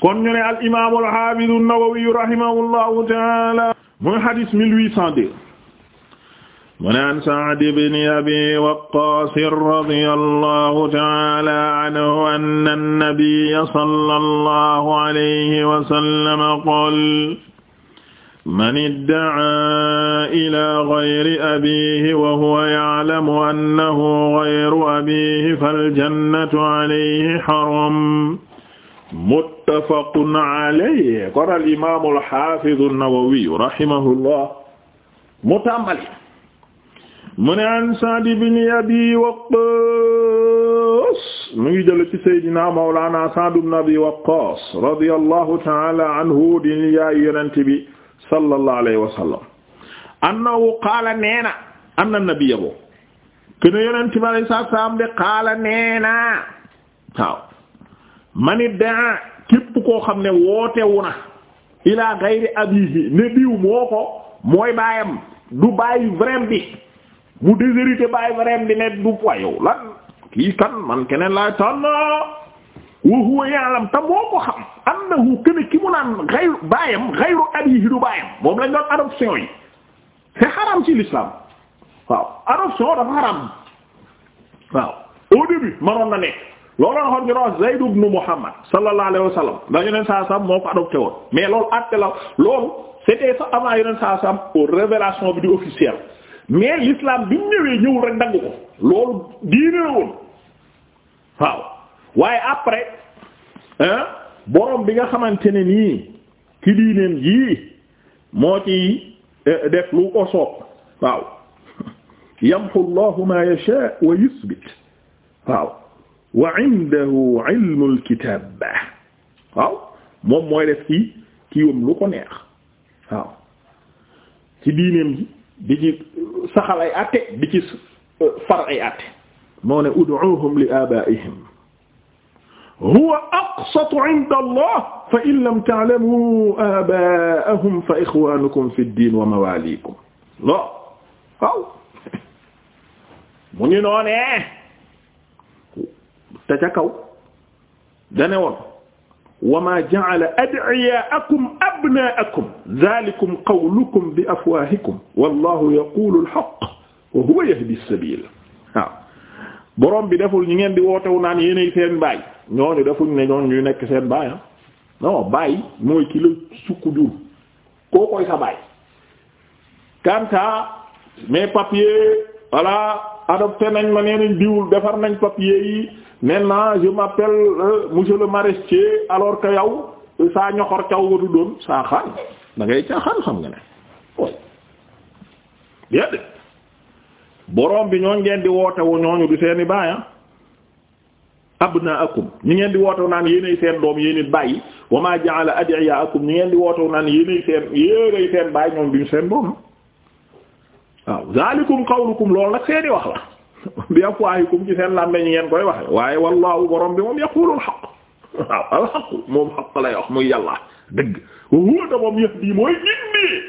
kon ñu ne al imaam al haafiz an-Nawawi rahimahullahu ta'ala muy hadis 1802 mu ne an Sa'd ibn Abi Waqqas radiyallahu ta'ala anhu anna an-nabiyya sallallahu alayhi wa sallam qala man idda'a ilaa ghayri abiihi wa huwa ya'lamu annahu ghayru abiihi fal jannatu alayhi haram mut muttafaqun alayhi kon al imaam al haafiz an-Nawawi rahimahullah mu tàmbali mu ne an Sa'd ibn Abi Waqqaas mu ngi jële ci Seydina Mawlana Sa'd ibn Abi Waqqaas radiyallahu ta'ala anhu di yaay yonent bi sallallahu alayhi wa sallam annahu qaala neena anna nabiyya bo kene yonent bi alayhi salaam de qaala neena waaw man idda'a képp koo xam ne wootewu na ilaa gayri abihi ne diw moo ko mooy baayam du bàyyi vrai bi mu déshérité bàyyi vrai bi ne du poyow lan kii kan man keneen laay tànn wa huwa ya'lam te ko xam annahu kene ki mu naan gayru baayam gayru abihi du baayam moom lañ doon adoption yi c'est haram ci l'islam waaw adoption dafa haram waaw au début manoon na nekk loolu la waxoon ñu doon Zayd ibn Muhammad sallallahu alayhi wa sallam ndax yeneen saa sam moo ko adopté woon mais loolu àtte la loolu c'était sax avant yeneen saa sam pour révélation bi di officielle mais l'islam bi ñëwee ñëwul rek dagg ko loolu diine woon waaw waaye après borom bi nga xamante ne nii ci diineem yii moo ci eh, def lu ko soob waaw yamhu Allahu ma yasha wa yuthbit waaw wa indahu ilmul kitaab waaw moom mooy def ci kiiwam lu ko neex waaw ci diineem ji di ci saxal ay àtte di ci euh, far ay àtte moo ne ud'uuhum li aabaa'ihim huwa aqsatu 'inda Allah fa in lam ta'lamuu aabaa'ahum fa ixwaanukum fi ddiin wa mawaaliikum waaw mu ngi noonee te ca kaw dane woon wa ma ja'ala ad'iyaakum abnaakum dhalikum qawlukum bi afwaahikum wallahu yaqulu al wa huwa yahdi as-sabil waaw bi deful ñi ngeen di wootewu naan yéenay seen baay ñooñu defuñ ne ñooñu nekk seen baay ah non baay mooy ki la sukk jur koo koy sa baay kanta mais papier voilà adopté nañ ma nee nañ diwul defar nañ papier yi maintenant je m'appelle euh, monsieur le maraîcher alors que yow saa ñoxor caw nga tuddoon saa xaan da ngay xam nga ne ooy déedéet borom bi ñooñ ngeen di woote wu ñooñu du seeni baaya ah, abnaakum ñi ngeen di wootewu naan yéenay seen doom yéen it bàyyi wa ma ja'ala ad'iyaakum ñi ngeen di wootewu naan yéenay seen yéenay seen bàyyi ñoom duñu seen doom waaw zalikum qawlukum loolu nag seeni wax la bi afwaahikum ci seen làmmeñ ngeen koy waxe waaye wallahu borom bi moom yaqulul xaq waaw alxaqu moom xaq lay wax muy yàlla dëgg wóota moom yahdi mooy indi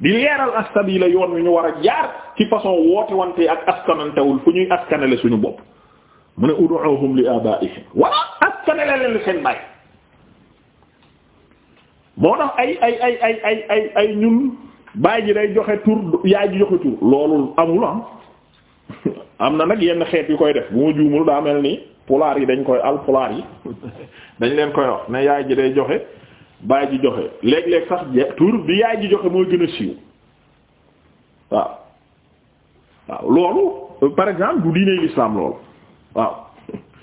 di leeral astabila yoon war a jaar ci façon woote ak askanantewul fu ñuy askanale suñu bopp mu ne leen seen baay moo tax ay ay ay ay ay ay ay ñun baay ji day joxe tur yaay ji joxe tur loolu amul am ah. am na nag yenn xeet yu koy def bu ma juumul daa mel ni pulaar yi dañ koy al yi dañ leen koy wax ne yaay ji day joxe baay ji joxe léeg-léeg sax tur bi yaay ji joxe mooy gën a siiw waaw waaw loolu par exemple du diiney l'islam loolu waaw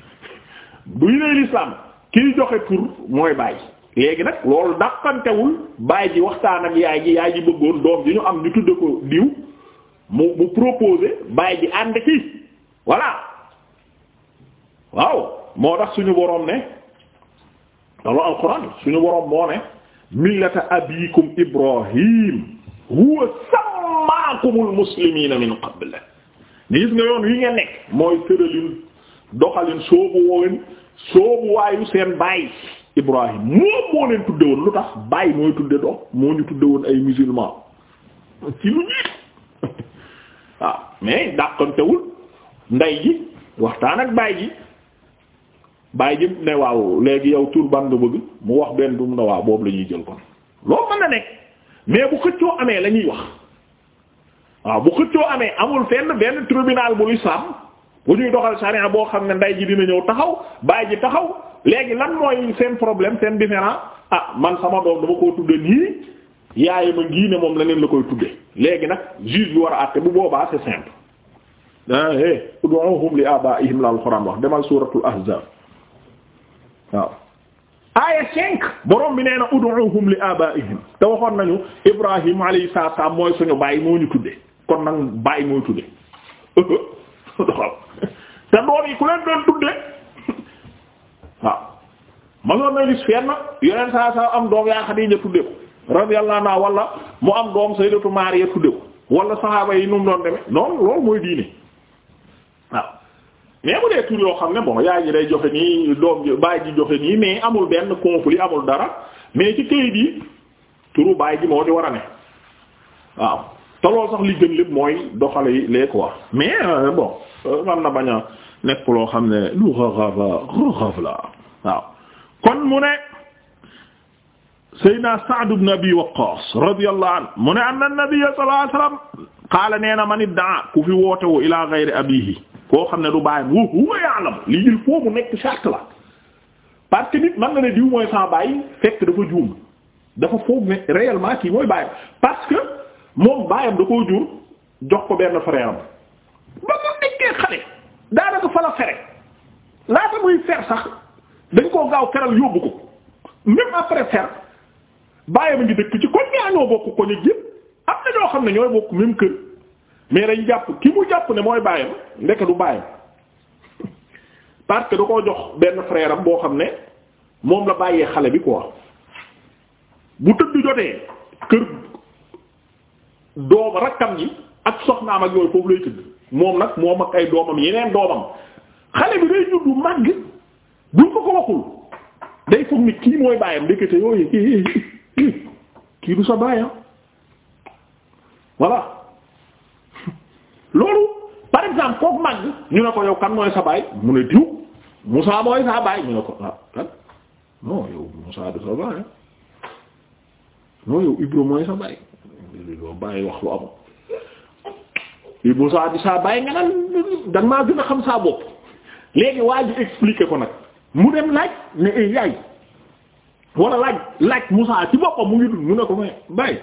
du diiney l'islam kiy joxe tur mooy baay. léegi nag loolu dàqantewul baay ji waxtaan ak yaay ji yaay ji bëggoon doom ji ñu am ñu tudde ko diw mu mu proposé baay ji ànd ci voilà waaw moo tax suñu boroom ne loolu alxuraan suñu boroom moo ne millata abikum ibrahim huwa sammaakumul muslimiina min qabl ni gis nga yoon wi nga nekk mooy tëralin doxalin soobu woowin soobu waayu seen baay Ibrahim moom moo leen tudde woon lu tax bàyyi mooy tudde doom moo ñu tudde woon ay musulman ci lu ñiit waaw mais dàqantewul ndey ji waxtaan ak baay ji baay ji ne waaw léegi yow tur ban nga bëgg mu wax benn dum na waaw boobu lañuy ñuy jël kon loolu mën na nekk mais bu xëccoo amee la ñuy wax waaw bu xëccoo amee amul fenn benn tribunal bu l'islam bu ñuy doxal charia boo xam ne nday ji dina ñëw taxaw baay ji taxaw léegi lan mooy seen problème seen différent ah man sama doom dama koo tudde nii yaaye ma ngii ne moom leneen la koy tudde léegi nag juge bi war a àtte bu boobaa c'est simple ah eh ud'uhum li abaihim la alxuraan wax demal suuratul ahzab waaw aaya cinq borom bi nee na ud'uhum li abaihim te waxoon nañu ibrahim alayhi salaam mooy suñu baay moo ñu tudde kon nag baay mooy tudde te doom yi ku leen doon tudde waaw masoon na gis fenn yeneen saa saa am doom yaa Xadiija tudde ko radiyallahu anha wala mu am doom Sayyidatu Maariya tudde ko wala saxaaba yi nu mu doon deme noonu loolu mooy diine waaw mais bu dee tur yoo xam ne bon yaay ji day joxe nii doom ji baay ji joxe nii mais amul benn conflit amul dara mais ci këyit yi turu baay ji moo di war a ne waaw te loolu sax li gën lépp mooy doxale yi les quoi mais euh, bon euh, man na bañ a nekk loo xam ne lu raxafa la waaw kon mu ne Seydina Sa'd ibn Abi Waqqas radiyallahu anhu mu ne anna nabiyya sallallahu alayhi wasallam qaala nee na man idda'a ku fi woote wu ila ghayri abihi koo xam ne du bàyyam wa huwa ya'lam lii il faut mu nekk charte la parce que nit mën ne diw mooy sa bàyyi fekk dafa juum dafa foog ne réellement kii mooy bàyyam parce que moom bàyyam da koo jur jox ko benn frère ba mu nekkee xale daanaka fa la fere laata muy fer sax dañ koo gaaw feral yóbbu ko même après fer bàyyi ma ngi dëkk ci koñ ñaa ah, ñoo bokk koñ ak yëpp am na xam ne ñooy bokk même kër mais dañ jàpp ki mu jàpp ne mooy bàyyam ndeke du bàyyam parce que da koo jox benn frère am boo xam ne moom la bàyyee xale bi quoi bu tëdd jotee kër doom rakkam ji ak soxnaam ak yooyu foofu lay tëdd moom nag moom ak ay doomam yeneen doomam xale bi day juddu màgg buñ ko ko waxul day foog ni kii mooy baayam ndekete yooyu kii du sa baayam ah. voilà loolu par exemple kooku màgg ñu ne ko yow kan mooy sa baay mu ne diw Moussa mooy sa baay ñu ne ko ah kan non yow Moussa du sa baay ah. non yow Ibro mooy sa baay doo bàyyi wax lu amul bu saa di saa bàyyi nga naan dan maa gën a xam saa bopp léegi waa ji expliquer ko nag mu dem laaj ne eh, yaay wala laaj laaj Moussa ci boppam mu ngi dund mu ne ko may bàyyi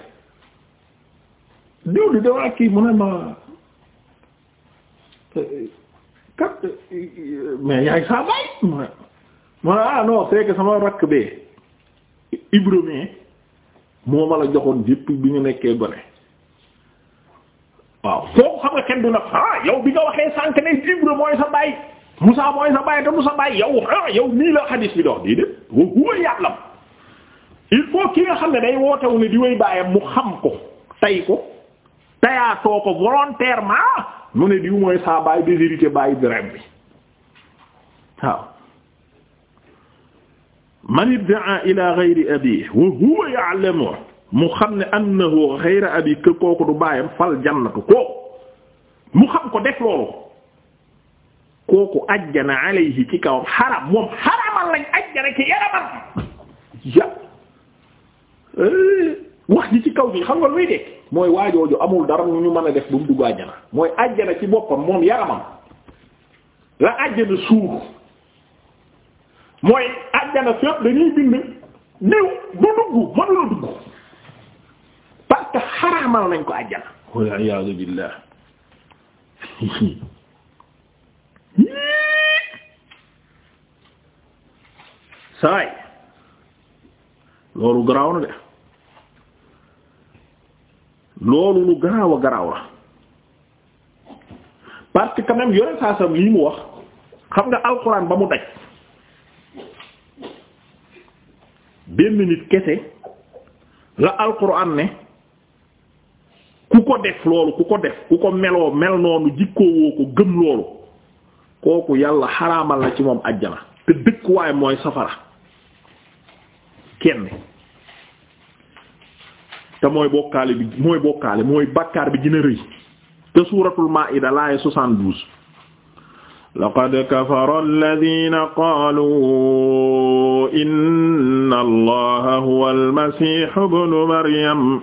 diw di mu ne ma kat mais yaay saa bàyyi mu ne ma ne ah non c'est sama rakk bee Ibrahima moo ma la joxoon depuis bi nga nekkee gone waaw kenn du nag ah, yow bi nga waxee sànq ne Ibra mooy sa baay Musa mooy sa baay te sa baay yow ah yow nii la xadiis bi dox dii dé wa huwa ya'lam il faut ki nga xam ne day wootewu ne di way mu xam ko tay ko tayaatoo ko volontairement mu ne diw mooy saa baay déshérité baay Ibrahim bi waaw man iddaa ila ghayri abi wa huwa ya'lamu mu xam ne annahu ghayra abi kooku du baayam fal jannatu ko mu xam ko def loolu kooku ajjana alayhi ci kawam xaram moom xaramal lañ ajjana ci yaramam ya eh, wax ji ci kaw bi xam nga luy dekk mooy waajooju amul dara nu ñu mën a def bu mu dugg ajjana mooy ajjana ci boppam moom yaramam la mooy ajjana fépp dañuy bind néew du dugg mënula dugg parce que xaramal ko ajjana wal iyaadu billah saay loolu garaaw na de loolu lu garaaw a garaaw la parce que quand même yore saa sam lii mu wax xam nga alxuraan ba mu daj benn nit kese la alxuraan ne ku ko def loolu ku ko def ku ko meloo mel noonu jikkoowoo ko gëm loolu kooku yàlla xaraamal na ci moom ajjana te dëkkuwaay mooy safara kenn te mooy bokkaale mooy bokkaale bi gën a rëy te suuratul maa'ida laaya soixante-douze laqad kafara alladina qaalu inna huwa almasihu ibnu maryam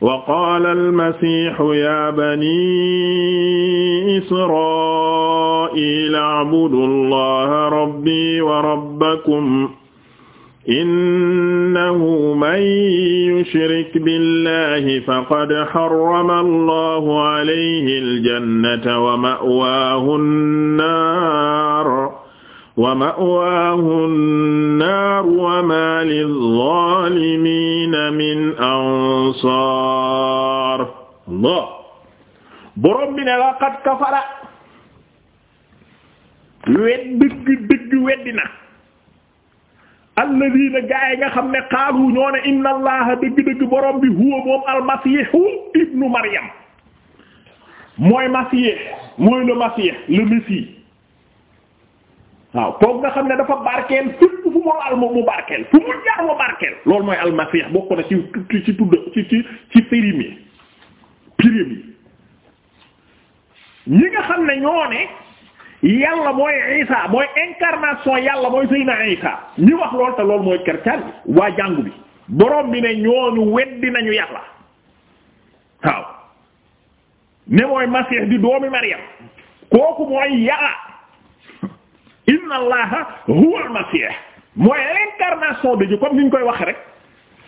وقال المسيح يا بني إسرائيل اعبدوا الله ربي وربكم إنه من يشرك بالله فقد حرم الله عليه الجنة ومأواه النار wa ma'waahu an-naar wa maa liz-zaalimiina min ansaar Allah borom bi ne laqad kafara wed dëgg dëgg weddi na alladiina gaay nga xam ne qaalu ñoo ne inna allaha dëgg dëgg borom bi huwa moom al-masiihu ibnu Maryam mooy masiih mooy le masiih le messie waaw kooku nga xam ne dafa barkeel fépp fu mu laal mu barkeel fu mu jaar mu barkeel loolu mooy almasih bokk na ci ci tudd ci ci ci périm yi ñi nga xam ne ñoo ne yàlla mooy Isa mooy incarnation yàlla mooy Seydina Isa ñi wax lool te loolu mooy kercaan bi waa jàngu bi borom bi ne ñooñu weddi nañu yàlla waaw ne mooy masih di doomi Maryam kooku mooy yàlla inna allaha huwa al mooy l'incarnation de Dieu comme ni ñu koy waxe rek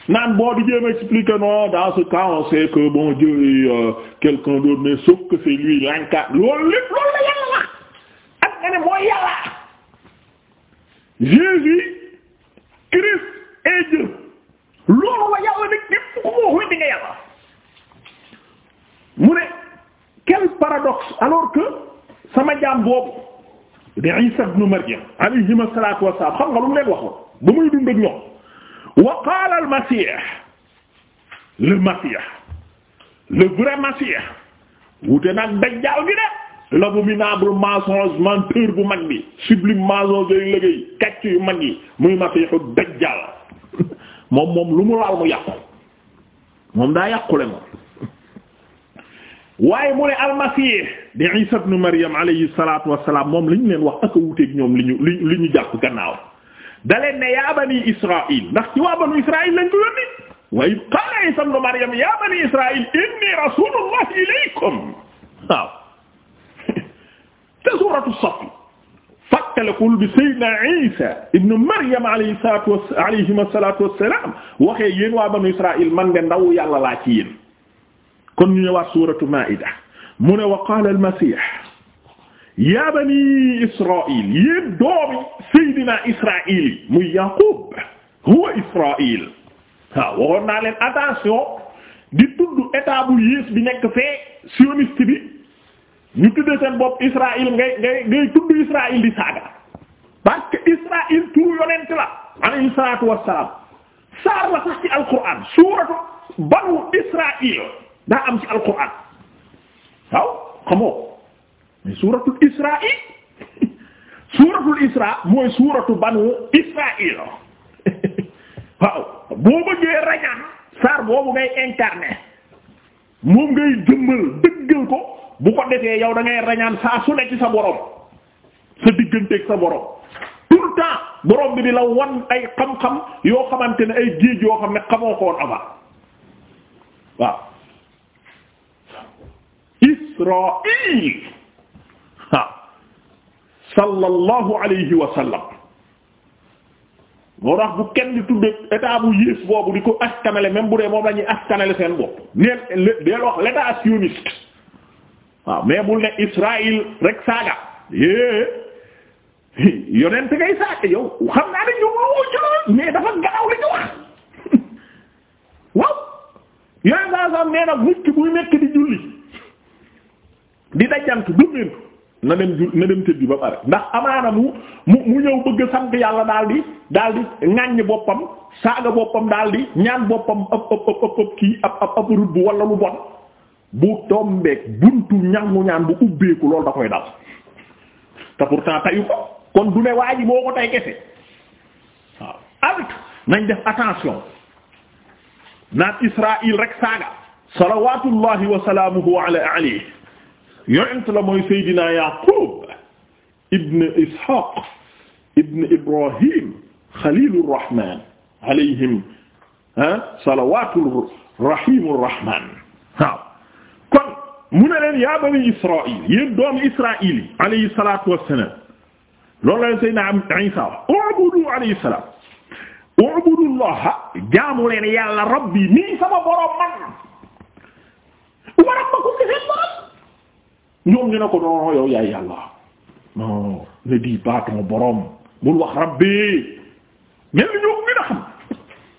naan boo di jéem expliquer dans ce cas on sait que bon Dieu est euh, quelqu'un mais sauf que lui loolu la yàlla wax loolu la yàlla nag képp ku ko wéddi yàlla mu ne quel paradoxe alors que sama jaam boobu di Isa ibn Maryam alayhima salaatu wassalaam xam nga lu mu leen waxoon ba muy ñoom wa qaala al Masih le Masih le vrai Masih wute nag dajjaal gi de l'abominable mensonge menteur bu mag bi sublime mensonge yooyu liggéey kàcc yu mag muy Masiixu dajjaal moom moom lu mu laal mu yàqu moom daa yàqule moom waaye mu ne almasih di isa ibn maryam alayhi salatu wassalam moom li ñu leen wax ak a wuteeg ñoom li ñu li li ñu jàpp gannaaw da leen ne yaa bani israil ndax ci waa banu israil lañ ko yónni wa id qaala isa ibn maryam ya bani israil inni rasulullah ilaykum waaw te suratu safi fàttalekul bi sayyidina isa ibn maryam alayhi salatu alayhim asalatu wassalam waxee yéen waa banu israil man nga ndaw yàlla laa ci yéen kon ñu ñëwaat suuratu Maa'ida mu ne wa qaala al-Masiih yaa banii Israa'iil yéen doomi Seydina Israa'iil muy Yaaqub huwa Israa'iil waaw waxoon leen attention di tudd état bu yées bi nekk fee sioniste bi ñu tuddee seen bopp Israa'iil ngay ngay ngay tudd Israa'iil di saaga parce que Israa'iil turu yonent la alayhi salaatu wassalaam saar la banu Israa'iil daa am ci alquran waaw xamoo suuratul Israaïl suuratul Isra mooy suuratu banu Israaïl waaw boo bëggee rañaan saar boobu ngay incarner moom ngay jëmmal dëggal ko bu ko defee yow da ngay rañaan saa su ne ci sa borom sa digganteeg sa borom tout le temps borom bi di la wan ay xam-xam yoo xamante ne ay géej yoo xam ne xamoo ko woon avant waaw. Israa'il waaw sallallahu alayhi wa sallam bu kenn di tudde état bu yées boobu di ko askanale même moom la askanale seen bopp neen deel wax l'état sioniste waaw mais bul ne Israël rek saaga é yonent ngay saaga yow xam naa ne ñu woo dafa garaw li ñu wax waaw yonent saa sam nee na buy nekk di julli di dajjantu dummeentu na dem ju na dem tëddi ba pare ndax amaana mu mu mu ñëw bëgg sant yàlla daal di daal di ŋàññ boppam saaga boppam daal di ñaan boppam ab ab ab ab kii ab ab ab bu wala lu bon ñaan bu ubbeeku loolu koy dal te kon du ne waa ji boo ko nañ def attention naat Israël rek saaga salawatullahi wa salaamuhu alayhi yonent la mooy Seydina Yaqub ibn Ishaq ibn Ibrahim Xalilu Rahman alayhim ah salawaatu rahimu Rahman waaw kon mu ne leen yaa bani Israaïl yéen doomu Israaïl yi alayhi salaatu wa salaam loolu la Seydina Isa u'budu alayhi salaam u'budu llaha jaamu leen yàlla rabbi nii sama borom man wa rabbakum ñoom ñu ne ko non yaay yàlla non ne di pas ton borom bul wax rabbi mel ni ñoo ko gën a xam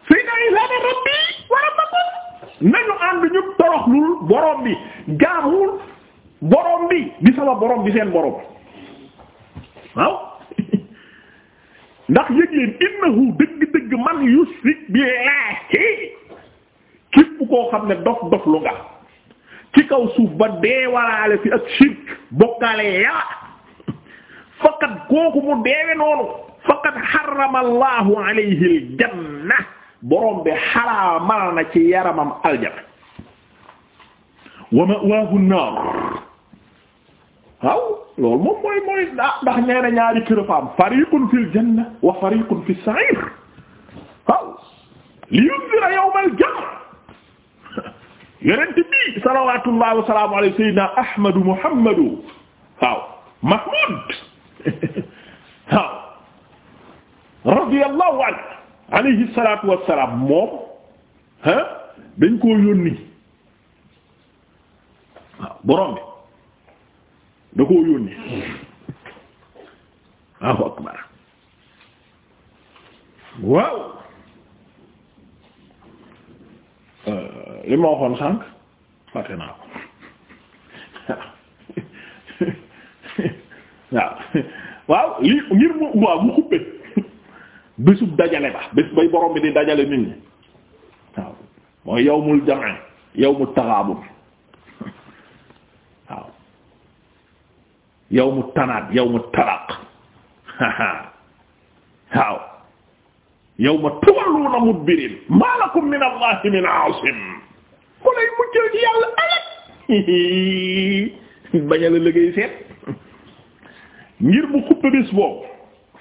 sayna Isa ne rabbi wa rabbakum nañu ànd ñu toroxlul borom bi jaamul borom bi di sama boroom bi seen borom waaw ndax yëg leen innahu dëgg-dëgg man yushrik billahi képp koo xam ne dof dof lu nga ci kaw suuf ba deewalaale fi ak shirk bokkaale yàlla faqat kooku mu deewe noonu faqat xarama allahu alayhi aljanna borom bi xaraamal na ci yaramam aljana wa ma'waahu an-naar waaw loolu moom mooy mooy ndax nee na ñaari kërëfaam fariqun fil janna wa fariqun fis sa'ir waaw li yunzira yawmal jam'a yonent bi salawatullahi wa salaamu alayhi sayyidina ahmadu muhammadu waaw mahmud waaw radiyallahu anhu alayhi salatu wassalam moom ah dañ koo yónni waaw borom bi da koo yónni waaw akbar waaw Euh, li ma waxoon sànq fàtte naa ko waaw waaw li ngir mu waaw mu xuppe bésub dajale ba bés bay borom bi di dajale nit ñi waaw mooy yawmul jam'i yawmut taghabun waaw yawmut tanaad yawmut talaq waaw yawma tuwalluuna mudbiriin maa lakum min allahi min aasim ku lay muccal ci yàlla alal bañ a la liggéey seet ngir bu xuppa bés boobu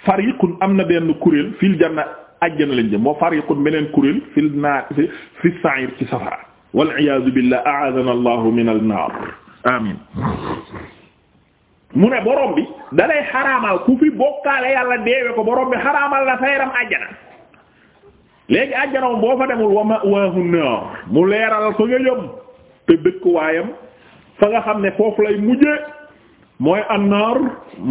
fariqun am na benn kuréel fil janna ajjana lañ jëm wa fariqun beneen kuréel fil naar fi sa'ir ci safara wal iyaazu billah a'aadana allahu min al naar amin mu ne borom bi dalay xaraamal ku fi bokkaale yàlla deewe ko borom bi xaraamal la sa yaram ajjana léegi ak àjjanaam boo fa demul wa ma'waahu naar mu leeral fa nga jëm te dëkkuwaayam fa nga xam ne foofu lay mujje mooy annaar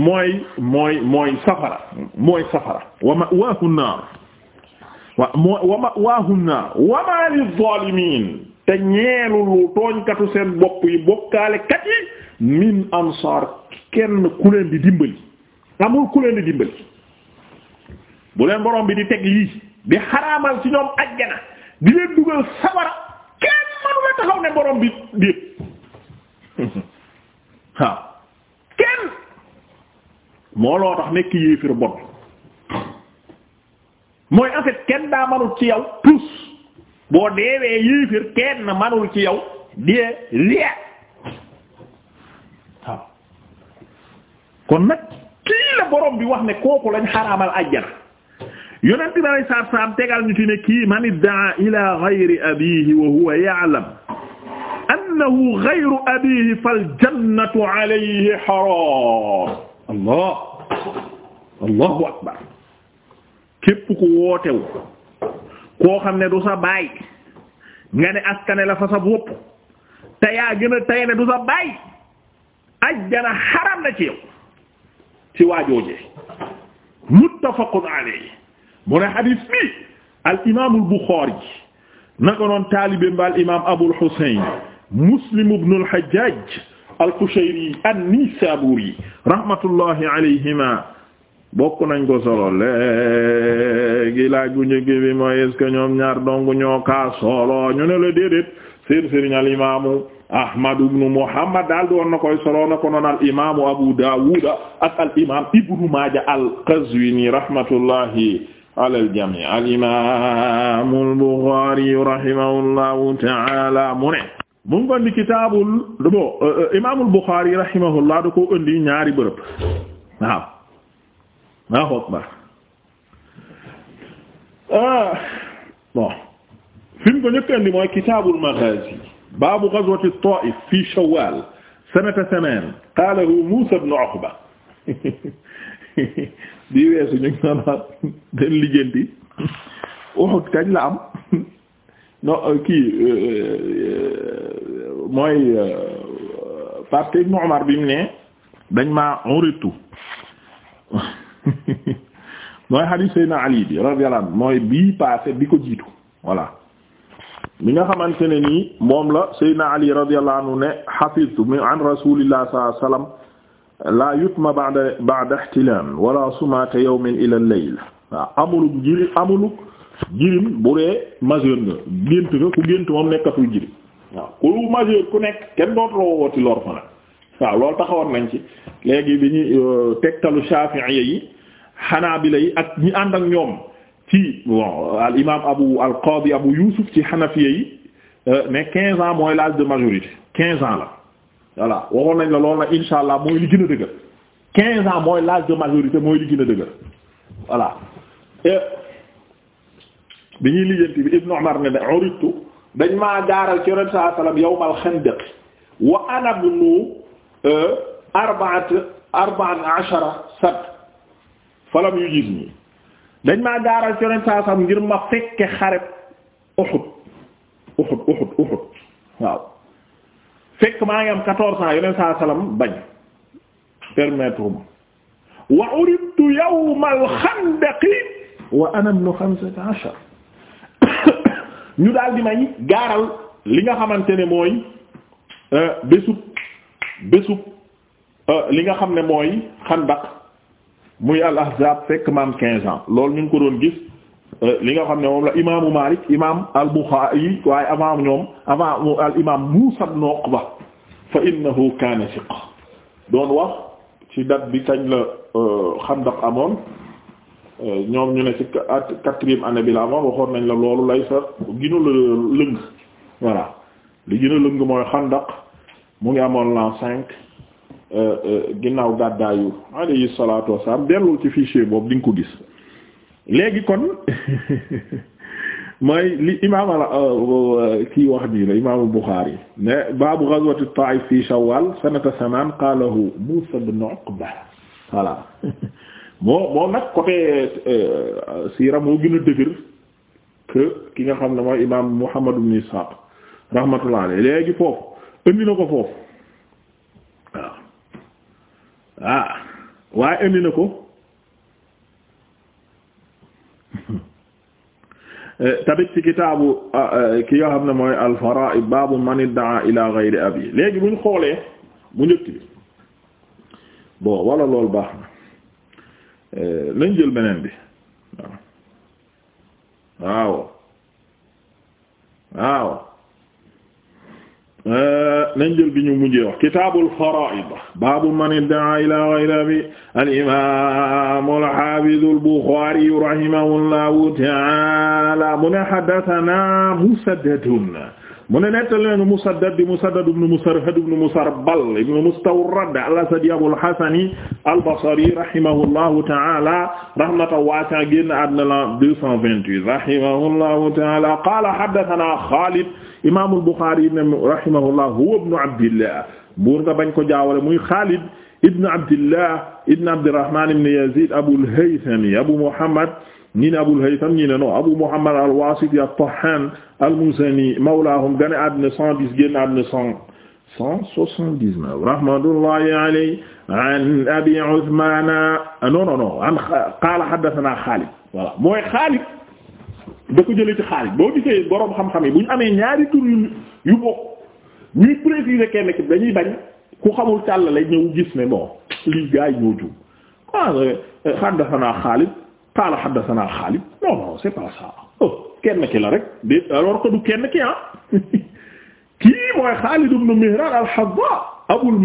mooy mooy mooy safara mooy safara wa ma'waahu naar wa wa ma'waahu naar wa maa te ñeelu lu tooñkatu seen bopp yi bokkaale kat yi min kenn ku leen di dimbali amul ku leen di dimbali bu leen borom bi di teg lii di xaraamal ci ñoom ajjana di leen dugal sawara kenn manu la taxaw ne borom bi déet waaw kenn moo loo tax nekk yéefir bon mooy en kenn daa manul ci yaw tous boo deewee yéefir kenn manul ci yow dee lie waaw kon nag kii la borom bi wax ne kooku lañ xaraamal ajjana yonent bi alayhi salaatu salaam tegal ñu ci ne kii man iddaa ila ghayri abiihi wa huwa ya'lam annahu ghayru abiihi fal jannatu allah allahu akbar ku wootewu koo xam ne du sa nga ne askane la fa sa bopp yaa gën a tay ne du sa ajjana xaram na ci yow ci waajoojee muttafaqun alayhi mu ne xadiis bi al imaamul Buxaari noon taalibeem al imaam Abul Husayn Muslim ibnul Hajjaaj al Qushayri an-Nisaburi rahmatullahi alayhima bokk nañ ko solo léegi laaj bu njëkk bi mooy ñoom ñaar dong ñoo kaa solo ñu ne la déedéet seen al imaamu Ahmad ibn Muhammad daal di woon na koy solo na noon al imaamu Abu Dawud al imaam Ibnu Maaja al Qazwini rahmatullahi alal jamii al imaam al Buxaari rahimahullahu ta'ala mu ne mu ngi ko indi kitaabul bo euh, euh, imaamul Buxaari rahimahullah da ko indi ñaari bërëb waaw maa xoog ba bon fi mu ko njëkk indi mooy kitaabul maghaazi baabu ghazwati Taa'if fi Shawwaal sanata samaan qaalahu Muusaa ibn Uqba bii weesu ñu ngi naan den liggéenti Uhud kañ la am non kii euh, mooy euh, parce que Ibn Umar bi mu ne dañ maa uritu mooy hadith Seydina Ali bi radiyallahu anhu mooy bii passé bi ko jiitu voilà mi nga xamante ne nii moom la Seydina Ali radiyallahu anhu ne hafiztu min an rasulillah sallallahu alayhi wasallam la yutma ba'da ba'da ihtilam wala sumata yawmin ila al-layl jirim bu dee majeur nga gént nga ku gént moom nekkatul jirim waaw ku majeur ku nekk kenn dootuloo wooti lor fa nag waaw loolu taxawoon nañ ci léegi bi ñu euh, tegtalu Shafi'i yi Hanabila yi ak ñi ànd ak ñoom ci bon al imam abu al qadi abu yusuf ci Hanafiya yi euh, mais quinze ans mooy l'âge de majorité quinze ans la voilà waxoon nañ la loolu nag insha allah mooy li gën a dëgër quinze ans mooy l'âge de majorité mooy li gën a dëgër voilà bi ñuy lijjanti bi Ibn Umar ne da uritu dañ maa jaaral ci yonent saa sallam yawmal xandaq wa ana ibnu euh, arba'at arba'at falam yujizni dañ maa jaaral ci yonent saa sallam ngir ma fekke xareb Uhud Uhud Uhud Uhud waaw fekk maa ngi am quatorze ans yoneen saa salaam bañ permettre wa uridtu yawmal xandaqi wa ana ibnu xamsata ashar ñu daal di may gaaral li nga xamante ne mooy euh, bésub bésub euh, li nga xam ne mooy xandak muy al ahzab fekk maam quinze ans loolu ñu ngi ko doon gis li nga xam ne moom la imaamu Maalik imaam al-Buxaari waaye avant ñoom avant al imaam Muusaa ibn Uqba fa innahu kaana siqa doon wax ci date bi kañ la euh, Xandaq amoon euh, ñoom ñu ne ci quatrième année bi la amoon waxoon nañ la loolu lay sa ginu la lëng voilà li gën a lëng mooy Xandaq mu ngi amoon l'an cinq euh, ginnaaw gàddaayu alayhi salaatu wassalaam dellul ci fichier boobu di ko gis léegi kon mooy li imaam ala euh, euh, kii wax nii la imaamu Buxaari ne baabu ghazwati Taa'if fi Shawwal sanata samaan qaalahu Muusaa ibn Uqba voilà moo moom nag côté euh, siira moo gën a dëgër ki nga xam ne mooy imaam Muhammad ibn Ishaaq rahmatullah léegi foofu indi ko foofu waaw ah. waaye indi na ko. tamit ci kitaabu ah, eh, ki yoo xam ne mooy al-fara'id baabu man idda'a ila ghayri abi léegi buñ xoolee mu njëkk bi wala lool baax na eh, nañ jël beneen bi waaw eh, nañ jël bi ñu mujjee wax kitaabul faraa'id baabu man idda'a ilaa ghayrihi al-imaam al-haafiz al-Buxaari rahimahullahu ta'aala mu ne haddathanaa Musaddadun mu ne nettali nañu Musaddad di Musaddad ibn Musarhad ibn Musarbal ibn Mustawrad al-Asadi Abul Hasan al-Basri rahimahullahu ta'ala rahmatan waasi'a génn àddina la 228 rahimahullahu ta'ala qaala haddathanaa Xaalid imaamul Buxaari yi ne rahimahullah huwa ibnu abdillah buur nga bañ ko jaawale muy Xaalid ibnu abdillah ibnu Abdirahmaan ibnu Yaziid Abul Haytham Abu Muhammad ñi ne Abul Haytham ñi ne non Abu Muhammad al-Waasiti at-Tahhaan al-Muzani mawlaahum gane àddina 110 génn àddina 179 rahmatullahi alayhi an Abi Usmaan non non non an qaala haddathanaa Xaalid voilà mooy Xaalid da ko jëlee ci Xaalid boo gisee boroom xam-xam yi bu ñu amee ñaari tur yu yu bokk ñuy préciser kenn ki dañuy bañ ku xamul la ñëw gis ne bon lii gars yi ñoo jum ah euh, haddasanaa Xaalid qaala haddasanaa Xaalid non non c'est pas ça oh, kenn ki la rek de alors que du kenn ki ah kii mooy Xaalid ibn Mihraan al-Hazza Abul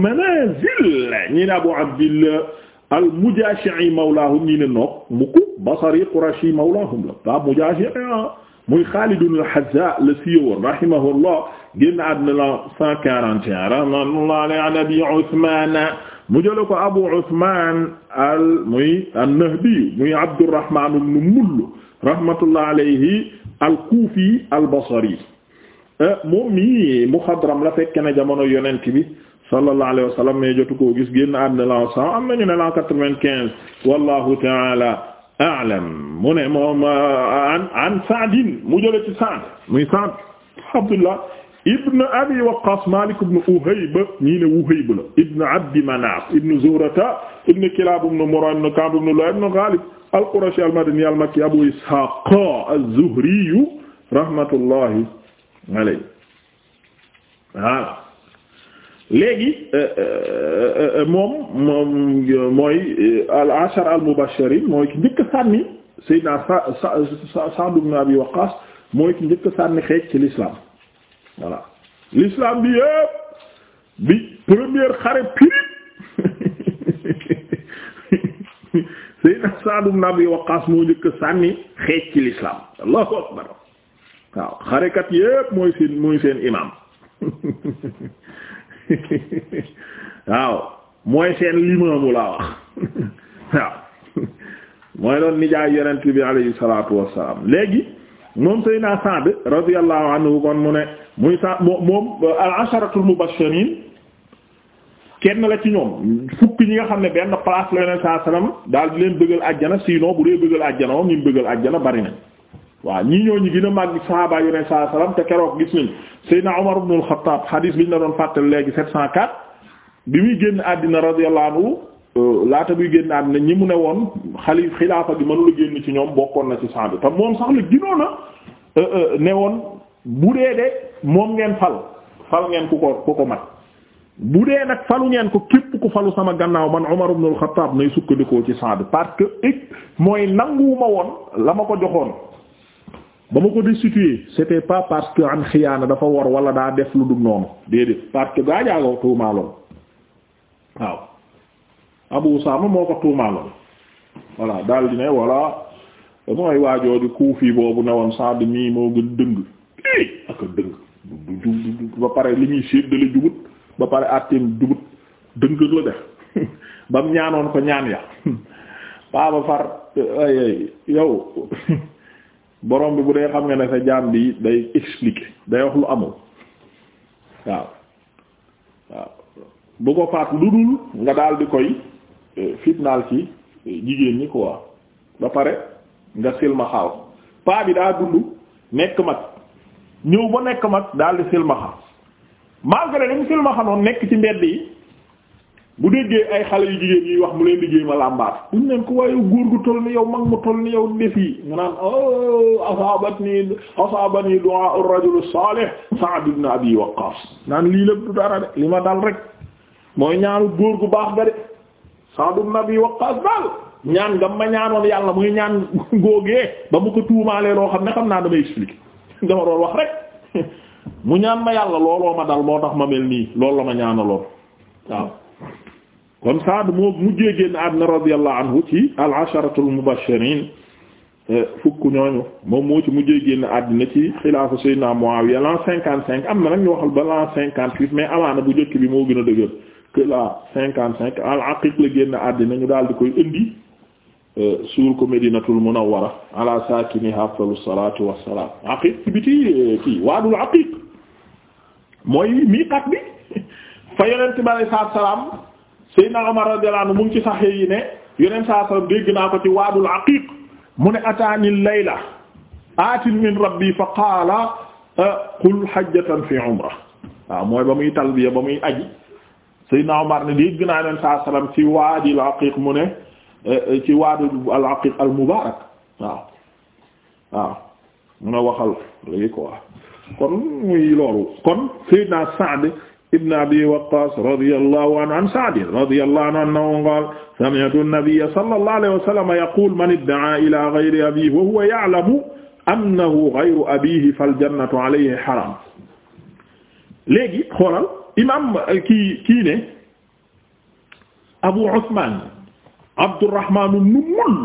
ñii ne Abu Abdillah al mujaashi'i mawlaahum ñii ne noog mukk basari qurashi mawlaahum la wa mujaashi'i ah muy Xaalid al-Hazza la siiwoon rahimahullah génn àdduna la 141 rahimahullah an Abi Usmaan mu jële ko Abu Usmaan al muy an-Nahdi muy Abdurrahmaan ibn Mull rahmatullah alayhi al-Kuufi al-Basri eh, moom mi muxadram la fekk na jamono yonent bi sallallahu alayhi wa sallam mais jotu koo gis génn àddina la cent am nañu ne la quatre-vingt-quinze wallahu ta'ala a'lam mu ne moom euh, an an Sa'din mu jële ci Sa'd muy Sa'd Abdullah ibn Abi Waqqas Malik ibn Uhayb ñii ne Uhayb la ibn Abdi Manaf ibn Zuhrata ibn Kilab ibn Murra ibn Ka'b ibn Lu'ay ibn Ghalib al-Qurashi al-Madani al-Makki Abu Ishaq az-Zuhri rahmatullahi alayhi léegi euh, euh, euh, moom moom mooy al ashar al mubashirin mooy ki njëkk sànni Seydina sa sa Sa'd ibn Abi Waqqas mooy ki njëkk sànni xeej ci l'islam voilà l'islam bi yëpp bi première xare pirip Seydina Sa'd Abi Waqqas moo njëkk sànni xeej ci l'islam Allahu akbar waaw xarekat yëpp mooy seen mooy seen imam waaw mooy seen limaamu laa wax waaw mooy doon nijaay yonent bi alayhi salaatu wassalaam léegi moom Seydina Sa'd radiyallahu anhu kon mu ne muy sa moom al-asharatul mubashirin kenn la ci ñoom fukki ñi nga xam ne benn place la yonent saa salaam daal di leen bëggal àjjana sinon bu dee bëggal àjjana moom ñu bëggal àjjana bari nañ waaw ñii ñoo ñu gën màgg saxaaba yu ne saa salaam te keroog gis nañ Seydina Umar ibn al-Khattab xadiis bi ñu la doon fàttali léegi 704 bi muy génn àddina radiyallahu anhu euh, laata muy génn àddina ñi mu ne woon xalif xilaafa gi mënula génn ci ñoom bokkoon na ci saa bi te moom sax la gënoon a euh, euh, ne woon bu dee de moom ngeen fal fal ngeen ku ko ku ko mat bu dee nag falu ngeen ko képp ku falu sama gannaaw man Umar ibn al-Khattab nay sukkandikoo ci saa bi parce mooy nanguwuma woon la ma ko joxoon. ba ma ko destitué c'était pas parce que an xiyaana dafa war wala daa def lu dul noonu déedéet parce que gaa jaa ko tuumaaloon waaw Abu Usaama moo ko tuumaaloon voilà daal di ne voilà mooy waajooju kuufi boobu newoon Saad mii moo gën dëng i aka dëng du ba pare li muy séddale jubut ba pare atteem jubut dëng la def bam ñaanoon ko ñaan ya baaba far ay borom bi bu dee xam nga ne sa jaam bi day expliquer day wax lu amul waaw waaw bu ko faat lu dul nga daal di koy eh, fitnaal ci eh, jigéen ñi quoi ba pare nga silmaxaaw paa bi daa dund nekk mag ñëw ba nekk mag daal di silmaxa malgré li mu silmaxa noonu nekk ci mbedd yi bu déggee ay xale yu jigéen yi wax mu leen liggéey ma a làmbaat buñ leen ko waaye góor gu toll ni yow mag mu toll ni yow def yi mu naan oh, asabatni asabatni du'a ar-rajul as-salih Sa'd ibn Abi Waqqas naan lii lépp du dara de li ma dal rek mooy ñaanu góor gu baax ga de Sa'd ibn Abi Waqqas daal ñaan nga ko tuumaalee loo xam ne xam naa damay expliquer dama doon wax rek mu ñaan ma yàlla looloo ma dal moo tax ma mel nii loolu la ma ñaanaloon waaw kon Saad moo mujjee génn àdduna radiyallahu anhu ci al-asharatul mubashirin eh, fukk ñooñu moom moo ci mujjee génn àdduna ci xilaafu Seydina Muawiya l'an cinquante cinq am na nag ñu waxal ba l'an cinquante huit mais amaana bu njëkk bi moo gën a dëgër que l'an cinquante cinq al-Aqiq la génn àddina ñu daal di koy indi eh, suul ko Medinatul Munawwara ala saakinihaa afdalu salaatu wassalaam Aqiq ci biti ci eh, waadul Aqiq mooy miiqaat bi fa yonent bi alayhi salaam Seydina Umar radiyallahu anhu mu ngi ci saxee yi ne yeneen saa sallam dégg naa ko ci waadul aqiq mu ne ataani layla aatin min rabbi fa qaala ah, qul hajjatan fi umra waaw mooy ba muy talbiya ba muy aji Seydina Umar ne dégg naa yeneen saa sallam ci waadil aqiq mu ne eh, ci waadul al aqiq al mubaarak waaw waaw mu nga waxal léegi quoi kon muy loolu kon Seydina Sa'd ibn abi waqqas radiyallahu anhu an sa'd radiyallahu anhu annahu qala sami'tu an-nabiyya sallallahu alayhi wa sallam yaqulu man idda'a ila ghayri abihi wa huwa ya'lamu annahu ghayru abihi faljannatu alayhi haram léegi xoolal imaam kii kii ne abu usman abdurrahman ibn mull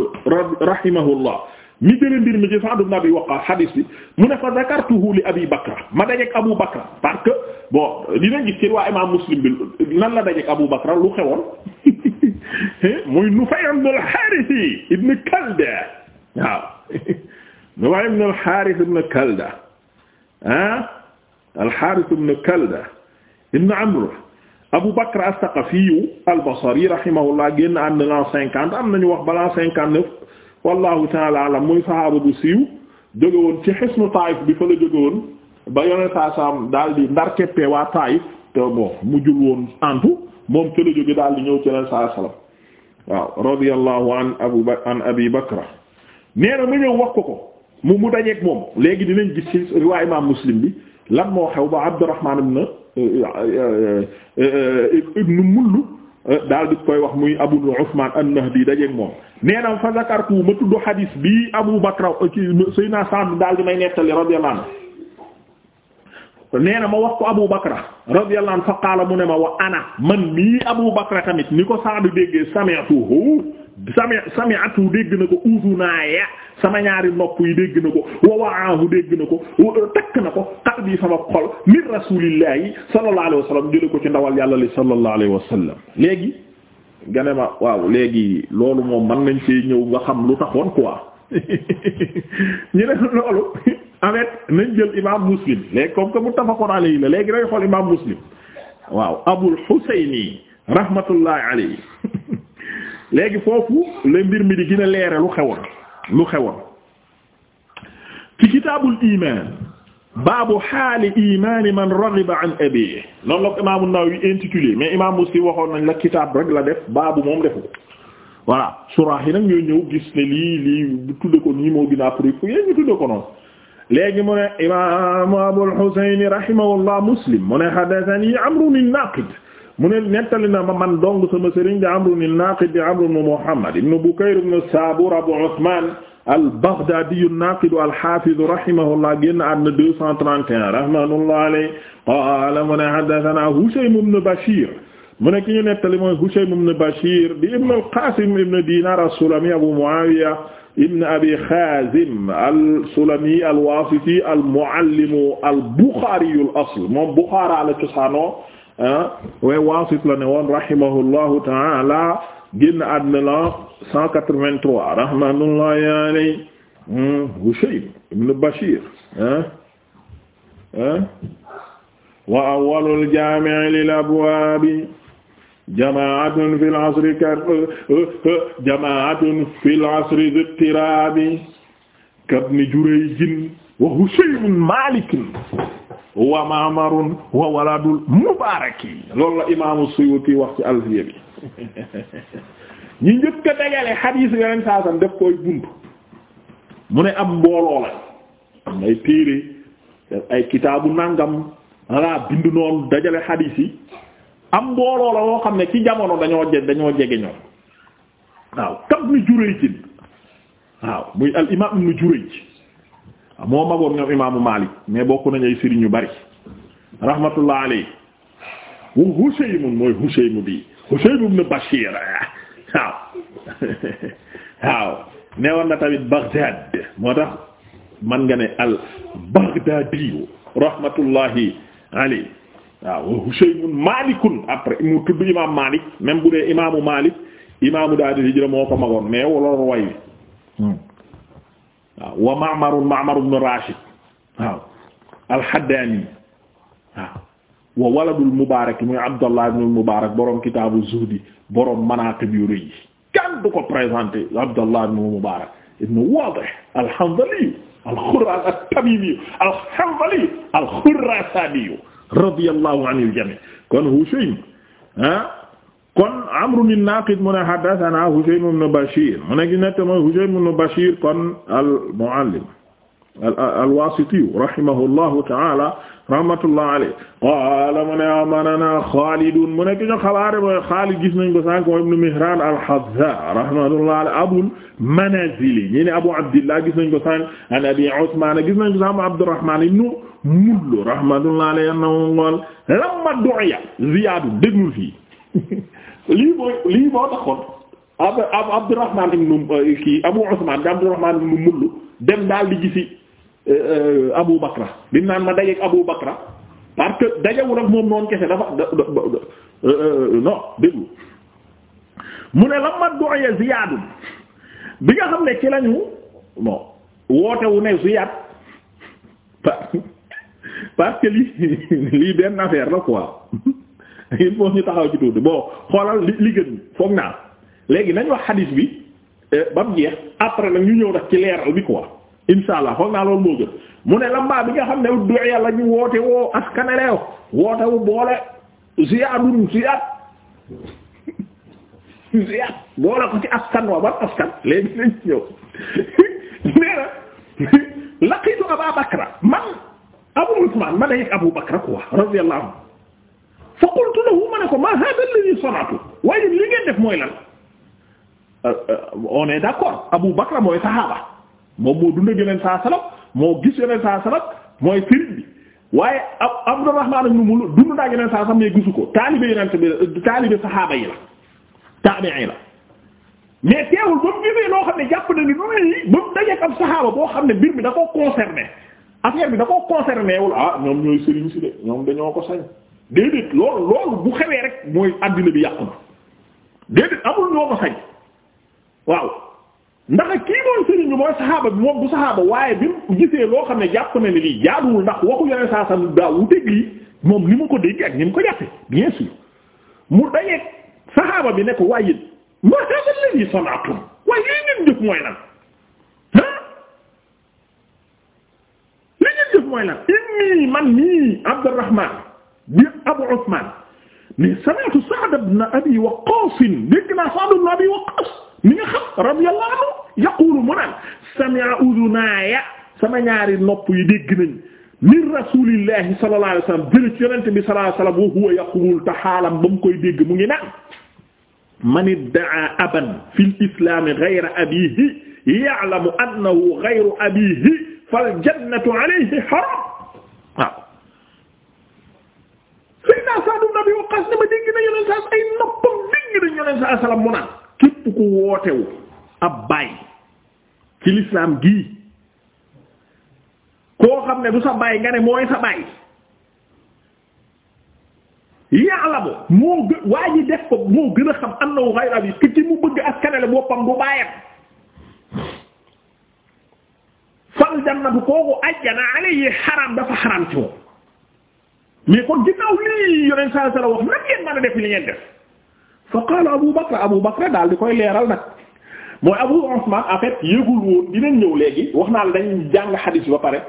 rahimahullah mi jëlee mbir mi ci Sa'd ibn Abi bi mu ne fa zakartuhu li Abi Bakra ma dajeeg Abu Bakra parce que bon dinañ gis ci waa imaam Muslim bi la dajeeg Abu Bakra lu xewoon muy Nufay ibn al-Harith ibn Kalda waaw Nufay ibn al-Harith ibn Kalda ah al-Harith ibn Kalda ibn Amr Abu Bakr as-Saqafi al-Basri rahimahullah génn ànd na l'an cinquante am nañu wax ba l'an cinquante-neuf wallahu taala alam muy sahaaba bu siiw jóge woon ci xisnu taayif bi fa la jóge ba yoneen saa saam daal di ndar keppee waa taayif mu jul woon antu moom ca daal di ñëw ci yoneen saa salaam waaw radiyallahu an abu an abi bakra nee na mu ñëw wax ko ko mu mu dajeeg moom léegi dinañ gis ci riwaay imaam muslim bi lan moo xew ba abdurrahman ibn euh, euh, euh, ibn mullu daal di koy wax muy Abu Usman an-Nahdi dajeeg moom nee fa zakartu ma tudd hadis bi Abu Bakr ci Seydina Sa'd daal di may nettali radiyallahu anhu nee na ma wax ko Abu Bakr radiyallahu anhu fa qaala mu ne ma wa ana man mii Abu Bakr tamit ni ko Sa'd déggee sami'tuhu sami sami'atu dégg na ko uzunaaya sama ñaari nopp yi dégg na ko wa wa'ahu dégg na ko euh, takk na ko qalbi sama xol min rasulillahi sallallahu alayhi wa sallam jële ko ci ndawal yàlla li sallallahu alayhi wa sallam léegi gane ma waaw léegi loolu moom mën nañ ci ñëw nga xam lu taxoon quoi ñu ne loolu amet nañ jël imam muslim léegi comme que muttafaqun alayhi la léegi day xool imam muslim waaw abul husayni rahmatullahi alayhi léegi foofu le mbir mi di gën a leere lu xewoon lu xewoon ci kitaabul iman baabu xaali imani man raghiba an abiihi noonu la ko imaamu Nawawi intitulé mais imam Muslim waxoon nañ la kitaab rek la def baabu moom defu ko voilà surah yi nag ñooy ñëw gis ne lii lii tudde ko nii moo gën a approprié ñu tudde ko noonu léegi mu ne imam Abul Husayn rahimahullah Muslim mu ne haddathani Amrun an-Naqid mu ne nettali na ma man dong sama sëriñ di Amru an-Naqid di Amru ibn Muhammad ibn Bukayr ibn Sabur Abu Usman al-Baghdadi an-Naqid al-Hafiz rahimahullah génn àdduna 231 rahmatullahi alayhi qala mu ne haddathana Hushaym ibn Bashir mu ne ki ñu nettali mooy Hushaym ibn Bashir di ibn al-Qasim ibn Dinar as-Sulami Abu Muawiya ibn Abi Khazim al-Sulami al-Wasiti al-Muallim al-Bukhari al-asl moom Bukhara la cosaanoo way waasit la ne woon rahimahullahu taala génn àddina la 183 rahmatullahi alayhi hmm, Hushayb ibn Bashir wa awwalul jaami' lil abwaabi jamaatun fil asri ka euh, euh, jamaatun fil asri dittiraabi kabni Jurayj wa Hushayb Maalik wa ma'marun wa waladul mubaraki loolu la imaamu Suyuti wax ci Alfiya bi ñu njëkk a dajale xadiis yeneen saasam def koy bunt mu ne am mbooloo la am ay téere ay kitaabu nàngam walla bind noonu dajale xadiis yi am mbooloo la woo xam ne ci jamono dañoo je dañoo jege ñoom waaw kam ni Jurayj waaw muy al imaam Ibn moo magoon ñoom imaamu Maalik mais bokk nañ ay sëriñ yu bari rahmatullah alayhi wa Husaym mooy Husaym bi Husaym ibn Bashir waaw waaw na tamit Baghdad moo tax man nga ne al Baghdadi rahmatullahi alayhi waaw wa Husaym après mu tudd imaam Maalik même bu dee imaamu Maalik imaamu daal hijra moo ko magoon mais wala way hmm. wa Ma'mar Ma'mar ibn Rashid waaw al-Haddani waaw wa waladul Mubaarak muy Abdallah ibn Mubaarak borom kitaabu zuhdi borom manaaqib yu rëy kenn du ko présenté Abdallah ibn Mubaarak ibn Waadih al-Hanzali al-Khurra at-Tamimi al-Hanzali al-Khurasani radiyallahu anil jami' kon Hushaym ah kon Amr bin Naqid mu ne haddathana Hushaym ibn Bashir mu ne gi nett mooy Hushaym ibn Bashir kon al-Mu'allim al-Wasiti rahimahullahu ta'ala rahmatullahi alayhi qala mu ne amanana Khalidun mu ne ki ñu xabaare mooy Khalid gis nañ ko sànq mooy ibn Mihran al-Hadza rahmatullahi alayhi Abul Manazili ñi ne Abu Abdillah gis nañ ko sànq an Abi Uthman gis nañ ko sànq Abdurrahman ibn Mull rahmatullahi alayhi annahu qala lamma du'iya Ziyad déglul fii lii mooy lii moo taxoon ab ab Abdurrahman ibn euh, kii Abu Usman di Abdurrahman ibn di euh, euh, Abu Bakra bi naan ma dajeeg Abu Bakra parce que dajawul moom noonu kese dafa da non déglu mu ne la ma doyee Ziyaad bi nga xam ne ci lañu bon woote ne Ziyaad parce lii lii benn affaire la quoi. il faut ñu taxaw ci tuuti bon xoolal li li gën foog naa léegi nañ wax xadiis bi eh, ba mu jeex après nag ñu ñëw nag ci leeral bi naa mu ne lambaa bi nga xam ne yàlla ñu woote woo askanaleew woote ci askan wa askan léegi nañ ñëw nee na laqitu Abaa man Abu Usmaan man a yëg Abu Bakra quoi radiyallahu anhu fa qultu lahu ne ko ma hada alladhi sanatu waaye li ngeen def mooy lan euh, euh, on d'accord Abu Bakr mooy saxaaba moom moo dund ak yeneen saa salaf moo gis yeneen saa salaf mooy sëriñ bi waaye Abdurrahman ibn Mulul dund naa yeneen saa salaf mais gisu ko taalibe yeneen bi euh, taalibe saxaaba yi la yi la mais teewul ba mu gisee loo xam ne jàpp na ni loolu ba mu dajeek ab saxaaba boo xam ne mbir mi da koo concerné affaire bi da koo concerné wul ah ñoom ñooy sëriñ si de ñoom dañoo ko sañ. déedéet loolu loolu bu xewee rek mooy àddina bi yàqu na déedéet amul ñoo sañ waaw ndax kii doon sëriñ bi mooy saxaaba bi moom bu saxaaba waaye bi gisee loo xam ne jàpp na ne lii jaaduwul ndax waxu daa wuteeg lii moom ni mu ko déggee ak ko jàppe mu dajeeg bi nekk waaye it li ngeen jëf mooy lan ah li man nii Abdurrahman bi Abu Usman mais sami'tu Sa'd ibn Abi Waqqas dégg naa Sa'd ibn Abi Waqqas mi nga xam radiyallahu anhu yaqulu mu naan sami'a udhunaaya sama ñaari nopp yi dégg nañ min rasulillahi sallallahu alayhi wasallam jële ci yonent bi sallallahu alayhi wasallam wa huwa yaqul te xaalam ba mu koy dégg mu ngi naan man idda'a aban fil islam ghayra abihi ya'lamu annahu ghayru abihi fal jannatu alayhi haram naa Sa'd ibn Abi Waqqas ne ma dégg na yoneen sa ay noppam dégg na yoneen sa asalam mu naan képp ku wootewu ab baay ci lislaam gii koo xam ne du sa baay nga ne mooy sa baay yàlla bo moo gë waa def ko moo gën a xam annahu ghayra abi ki ci mu bëgg askanale boppam du baayam fal jannatu kooku ajjana alayhi xaram dafa xaram ci moom mais kon ginnaaw lii yoneen saa sala wax nag ngeen mën a def li ngeen def fa qaala Abu Bakr Abu Bakr daal di koy leeral nag mooy Abu Usman en yëgul woon dinañ ñëw léegi wax naa la dañ jàng xadiis bi ba pare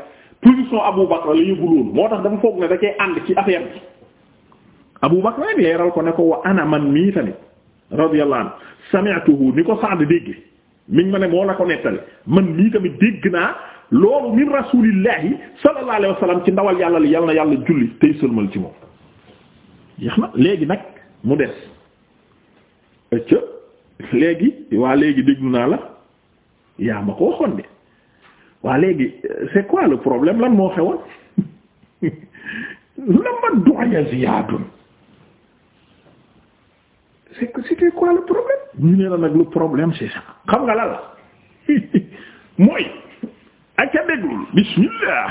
position Abu Bakr la yëgul woon moo tax dafa foog ne da ànd ci affaire bi Abu Bakr rek leeral ko ne ko wa ana man mii tamit radiyallahu anhu sami'tuhu ni ko Sa'd dégg miñ ma ne moo la ko nettali man mii tamit dégg naa loolu min rasulillahi sallallahu alayhi ci ndawal yàlla li yàlla na yàlla julli tey sëlmal ci moom jeex na léegi nag mu des ëcc léegi waa léegi déglu naa la yaa ma ko waxoon waa léegi c'est quoi le problème lan moo xewoon la ma doya ziyaadun c'est quoi le problème ñu ne la nag le problème c'est xam nga la la mooy ak ca déglul bismillah